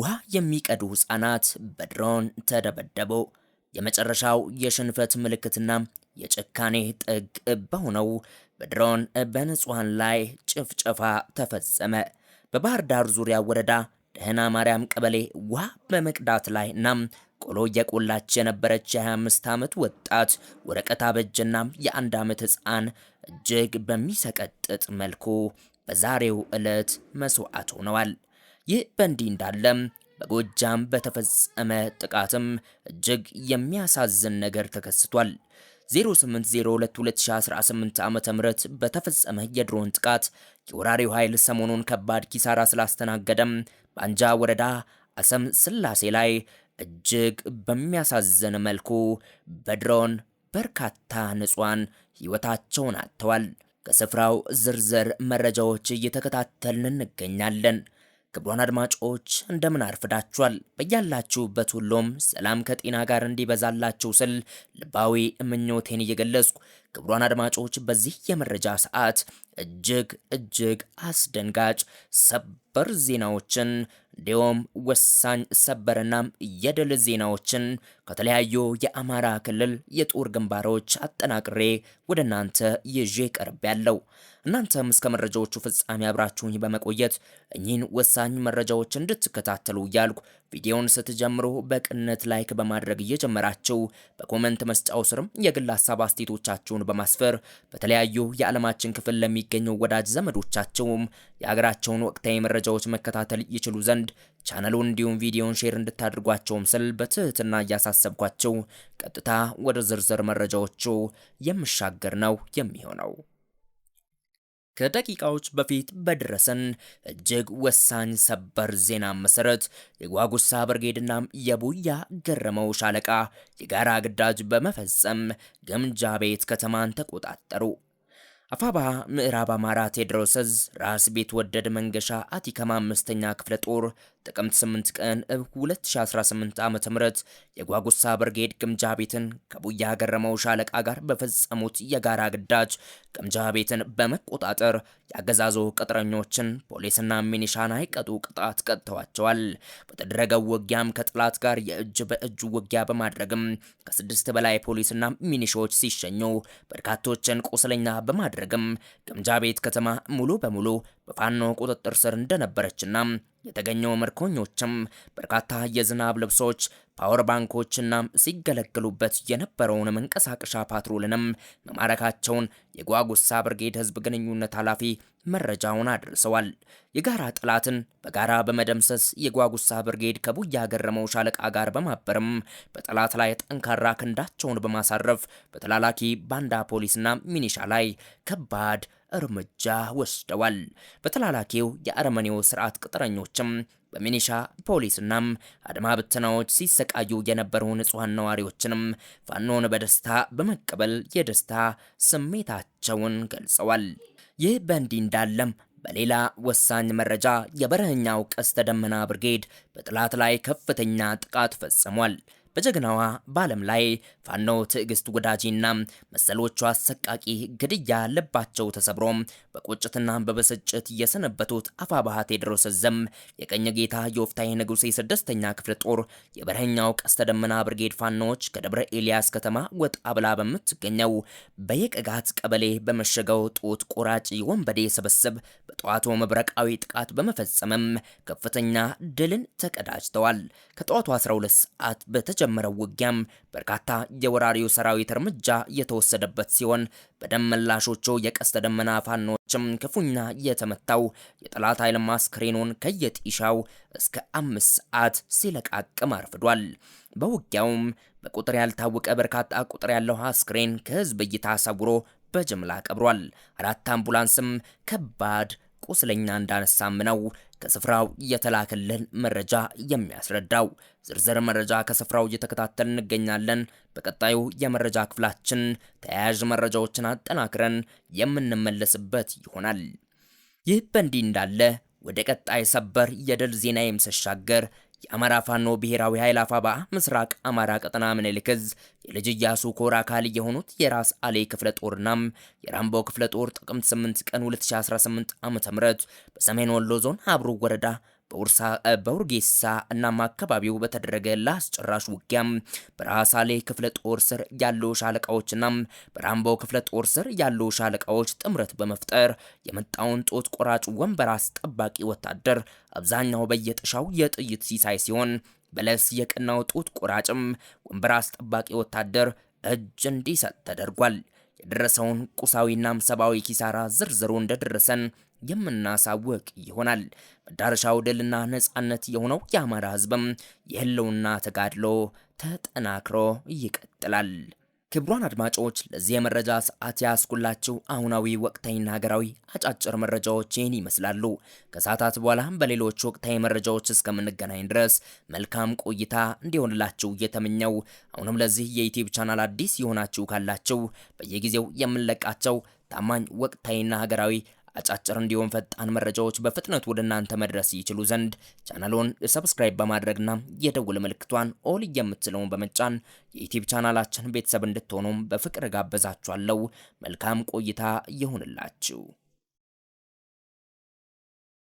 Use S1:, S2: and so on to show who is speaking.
S1: ውሃ የሚቀዱ ሕፃናት በድሮን ተደበደቡ። የመጨረሻው የሽንፈት ምልክትና የጭካኔ ጥግ በሆነው በድሮን በንጹሐን ላይ ጭፍጨፋ ተፈጸመ። በባህር ዳር ዙሪያ ወረዳ ደህና ማርያም ቀበሌ ውሃ በመቅዳት ላይ ናም ቆሎ እየቆላች የነበረች የ25 ዓመት ወጣት ወረቀት አበጅና የአንድ ዓመት ሕፃን እጅግ በሚሰቀጥጥ መልኩ በዛሬው ዕለት መስዋዕት ሆነዋል። ይህ በእንዲህ እንዳለም በጎጃም በተፈጸመ ጥቃትም እጅግ የሚያሳዝን ነገር ተከስቷል። 08022018 ዓ ም በተፈጸመ የድሮን ጥቃት የወራሪው ኃይል ሰሞኑን ከባድ ኪሳራ ስላስተናገደም በአንጃ ወረዳ አሰም ስላሴ ላይ እጅግ በሚያሳዝን መልኩ በድሮን በርካታ ንጹሐን ሕይወታቸውን አጥተዋል። ከስፍራው ዝርዝር መረጃዎች እየተከታተልን እንገኛለን። ክቡራን አድማጮች እንደምን አርፍዳችኋል? በያላችሁበት ሁሉም ሰላም ከጤና ጋር እንዲበዛላችሁ ስል ልባዊ ምኞቴን እየገለጽኩ ክቡራን አድማጮች በዚህ የመረጃ ሰዓት እጅግ እጅግ አስደንጋጭ ሰበር ዜናዎችን እንዲሁም ወሳኝ ሰበርና የድል ዜናዎችን ከተለያዩ የአማራ ክልል የጦር ግንባሮች አጠናቅሬ ወደ እናንተ ይዤ ቀርብ ያለው እናንተም እስከ መረጃዎቹ ፍጻሜ አብራችሁኝ በመቆየት እኚህን ወሳኝ መረጃዎች እንድትከታተሉ እያልኩ ቪዲዮውን ስትጀምሩ በቅነት ላይክ በማድረግ እየጀመራችሁ በኮመንት መስጫው ስርም የግል ሀሳብ አስተያየቶቻችሁን በማስፈር በተለያዩ የዓለማችን ክፍል ለሚገኙ ወዳጅ ዘመዶቻችሁም የሀገራቸውን ወቅታዊ መረጃዎች መከታተል ይችሉ ዘንድ ቻናሉን እንዲሁም ቪዲዮውን ሼር እንድታድርጓቸውም ስል በትህትና እያሳሰብኳቸው ቀጥታ ወደ ዝርዝር መረጃዎቹ የምሻገር ነው የሚሆነው። ከደቂቃዎች በፊት በደረሰን እጅግ ወሳኝ ሰበር ዜና መሰረት የጓጉሳ ብርጌድና የቡያ ገረመው ሻለቃ የጋራ ግዳጅ በመፈጸም ግምጃ ቤት ከተማን ተቆጣጠሩ። አፋባ ምዕራብ አማራ ቴዎድሮስ ራስ ራስ ወደድ መንገሻ አቲከም አምስተኛ ክፍለ ጦር ጥቅምት 8 ቀን እብ 2018 ዓ.ም የጓጉሳ ብርጌድ ግምጃ ቤትን ከቡያ ገረመው ሻለቃ ጋር በፈጸሙት የጋራ ግዳጅ ግምጃ ቤትን በመቆጣጠር ያገዛዙ ቅጥረኞችን ፖሊስና ሚኒሻን አይቀጡ ቅጣት ቀጥተዋቸዋል። በተደረገው ውጊያም ከጥላት ጋር የእጅ በእጅ ውጊያ በማድረግም ከስድስት በላይ ፖሊስና ሚኒሻዎች ሲሸኙ በርካቶችን ቁስለኛ በማድረግም ግምጃ ቤት ከተማ ሙሉ በሙሉ በፋኖ ቁጥጥር ስር እንደነበረችና የተገኘው ምርኮኞችም በርካታ የዝናብ ልብሶች ፓወር ባንኮችና ሲገለገሉበት የነበረውን መንቀሳቀሻ ፓትሮልንም መማረካቸውን የጓጉሳ ብርጌድ ህዝብ ግንኙነት ኃላፊ መረጃውን አድርሰዋል። የጋራ ጠላትን በጋራ በመደምሰስ የጓጉሳ ብርጌድ ከቡያ ገረመው ሻለቃ ጋር በማበርም በጠላት ላይ ጠንካራ ክንዳቸውን በማሳረፍ በተላላኪ ባንዳ ፖሊስና ሚኒሻ ላይ ከባድ እርምጃ ወስደዋል። በተላላኪው የአረመኔው ስርዓት ቅጥረኞችም በሚኒሻ ፖሊስናም አድማ ብተናዎች ሲሰቃዩ የነበሩ ንጹሐን ነዋሪዎችንም ፋኖን በደስታ በመቀበል የደስታ ስሜታቸውን ገልጸዋል። ይህ በእንዲህ እንዳለም በሌላ ወሳኝ መረጃ የበረህኛው ቀስተ ደመና ብርጌድ በጥላት ላይ ከፍተኛ ጥቃት ፈጽሟል። በጀግናዋ በዓለም ላይ ፋኖ ትዕግስት ወዳጄና መሰሎቿ አሰቃቂ ግድያ ልባቸው ተሰብሮ በቁጭትና በብስጭት የሰነበቱት አፋባሃ ቴዎድሮስ ዘም። የቀኝ ጌታ የወፍታሔ ንጉሴ ስድስተኛ ክፍለ ጦር የበረኛው ቀስተ ደመና ብርጌድ ፋኖዎች ከደብረ ኤልያስ ከተማ ወጣ ብላ በምትገኘው በየቀጋት ቀበሌ በመሸገው ጡት ቆራጭ ወንበዴ ስብስብ በጠዋቱ መብረቃዊ ጥቃት በመፈጸምም ከፍተኛ ድልን ተቀዳጅተዋል። ከጠዋቱ 12 ሰዓት በተጀ በተጀመረው ውጊያም በርካታ የወራሪው ሰራዊት እርምጃ የተወሰደበት ሲሆን በደም መላሾቹ የቀስተ ደመና ፋኖችም ክፉኛ የተመታው የጠላት ኃይል ማስክሬኑን ከየጢሻው እስከ አምስት ሰዓት ሲለቃቅም አርፍዷል። በውጊያውም በቁጥር ያልታወቀ በርካታ ቁጥር ያለው አስክሬን ከህዝብ እይታ ሰውሮ በጅምላ ቀብሯል። አራት አምቡላንስም ከባድ ቁስለኛ እንዳነሳም ነው ከስፍራው የተላከልን መረጃ የሚያስረዳው። ዝርዝር መረጃ ከስፍራው እየተከታተል እንገኛለን። በቀጣዩ የመረጃ ክፍላችን ተያያዥ መረጃዎችን አጠናክረን የምንመለስበት ይሆናል። ይህ በእንዲህ እንዳለ ወደ ቀጣይ ሰበር የድል ዜና ስሻገር የአማራ ፋኖ ብሔራዊ ኃይል አፋባ ምስራቅ አማራ ቀጠና ምኒልክ የልጅ እያሱ ኮር አካል የሆኑት የራስ አሌ ክፍለ ጦርና የራምቦ ክፍለ ጦር ጥቅምት 8 ቀን 2018 ም በሰሜን ወሎ ዞን አብሮ ወረዳ በውርጌሳ እናም አካባቢው በተደረገ ለአስጨራሽ ውጊያም በራሳሌ ክፍለ ጦር ስር ያሉ ሻለቃዎችና በራምቦ ክፍለ ጦር ስር ያሉ ሻለቃዎች ጥምረት በመፍጠር የመጣውን ጦት ቆራጭ ወንበር አስጠባቂ ወታደር አብዛኛው በየጥሻው የጥይት ሲሳይ ሲሆን በለስ የቀናው ጦት ቆራጭም ወንበር አስጠባቂ ወታደር እጅ እንዲሰጥ ተደርጓል። የደረሰውን ቁሳዊና ሰብአዊ ኪሳራ ዝርዝሩ እንደደረሰን የምናሳውቅ ይሆናል። መዳረሻው ድልና ነጻነት የሆነው የአማራ ህዝብም የህልውና ተጋድሎ ተጠናክሮ ይቀጥላል። ክቡራን አድማጮች ለዚህ የመረጃ ሰዓት ያስኩላችሁ አሁናዊ ወቅታዊና ሀገራዊ አጫጭር መረጃዎች ይህን ይመስላሉ። ከሰዓታት በኋላ በሌሎች ወቅታዊ መረጃዎች እስከምንገናኝ ድረስ መልካም ቆይታ እንዲሆንላችሁ እየተመኘው አሁንም ለዚህ የዩቲዩብ ቻናል አዲስ የሆናችሁ ካላችሁ በየጊዜው የምንለቃቸው ታማኝ ወቅታዊና ሀገራዊ አጫጭር እንዲሁም ፈጣን መረጃዎች በፍጥነት ወደ እናንተ መድረስ ይችሉ ዘንድ ቻናሉን ሰብስክራይብ በማድረግና የደውል ምልክቷን ኦል የምትለውን በመጫን የዩቲዩብ ቻናላችን ቤተሰብ እንድትሆኑም በፍቅር ጋበዛችኋለሁ። መልካም ቆይታ ይሁንላችሁ።